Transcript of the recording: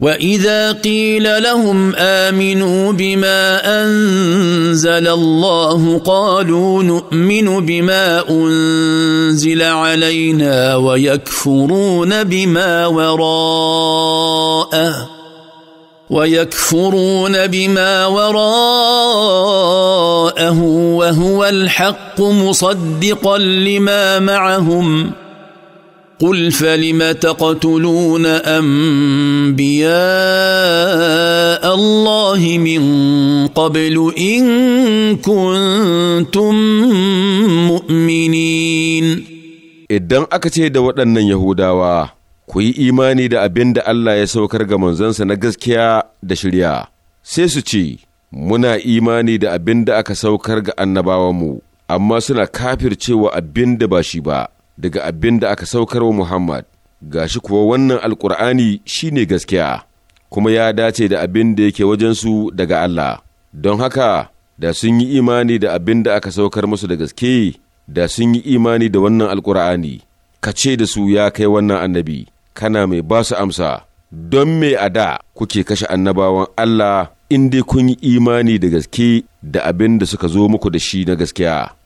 واذا قيل لهم امنوا بما انزل الله قالوا نؤمن بما انزل علينا ويكفرون بما وراءه ويكفرون بما وراءه وهو الحق مصدقا لما معهم قل فلم تقتلون انبياء الله من قبل ان كنتم مؤمنين idan aka ce da waɗannan yahudawa ku yi imani da abin da Allah ya saukar ga manzansa na gaskiya da shirya sai su ce muna imani da abin da aka saukar ga annabawanmu amma suna kafircewa abin da ba shi ba daga abin da aka saukar wa Muhammad, gashi kuwa wannan Alƙur'ani shi ne gaskiya, kuma ya dace da abin da yake wajensu daga Allah, don haka da sun yi imani da abin da aka saukar musu da gaske, da sun yi imani da wannan Alƙur'ani, ka ce da su ya kai wannan annabi, kana mai ba su amsa, don me a da kuke kashe annabawan Allah in dai kun yi imani da gaske da abin da suka zo muku da shi na gaskiya.